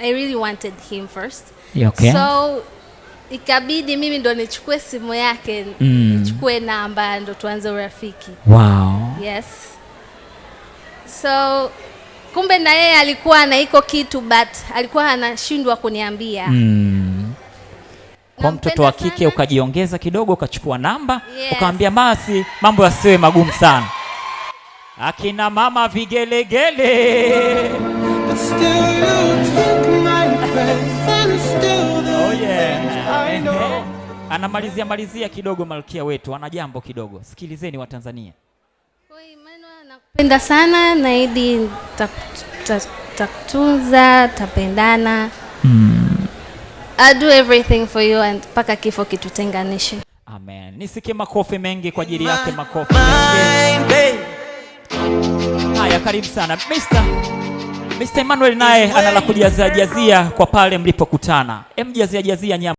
I really wanted him first. Okay. So ikabidi mimi ndo nichukue simu yake mm. nichukue namba ndo tuanze urafiki. Wow. Yes. So kumbe na yeye alikuwa ana iko kitu but alikuwa anashindwa kuniambia mm. Kwa mtoto wa kike ukajiongeza kidogo, ukachukua namba yes. Ukamwambia basi mambo yasiwe magumu sana, akina mama vigelegele upendo. Anamalizia malizia kidogo malkia wetu, ana jambo kidogo. Sikilizeni Watanzania. Nakupenda sana naidi, takutunza, tapendana mm. I do everything for you and mpaka kifo kitutenganishe. Amen. Nisikie makofi mengi kwa ajili yake, makofi mengi. Haya, karibu sana Mr. Mr. Emmanuel naye analakujaziajazia kwa pale mlipokutana. Emjaziajazia nyama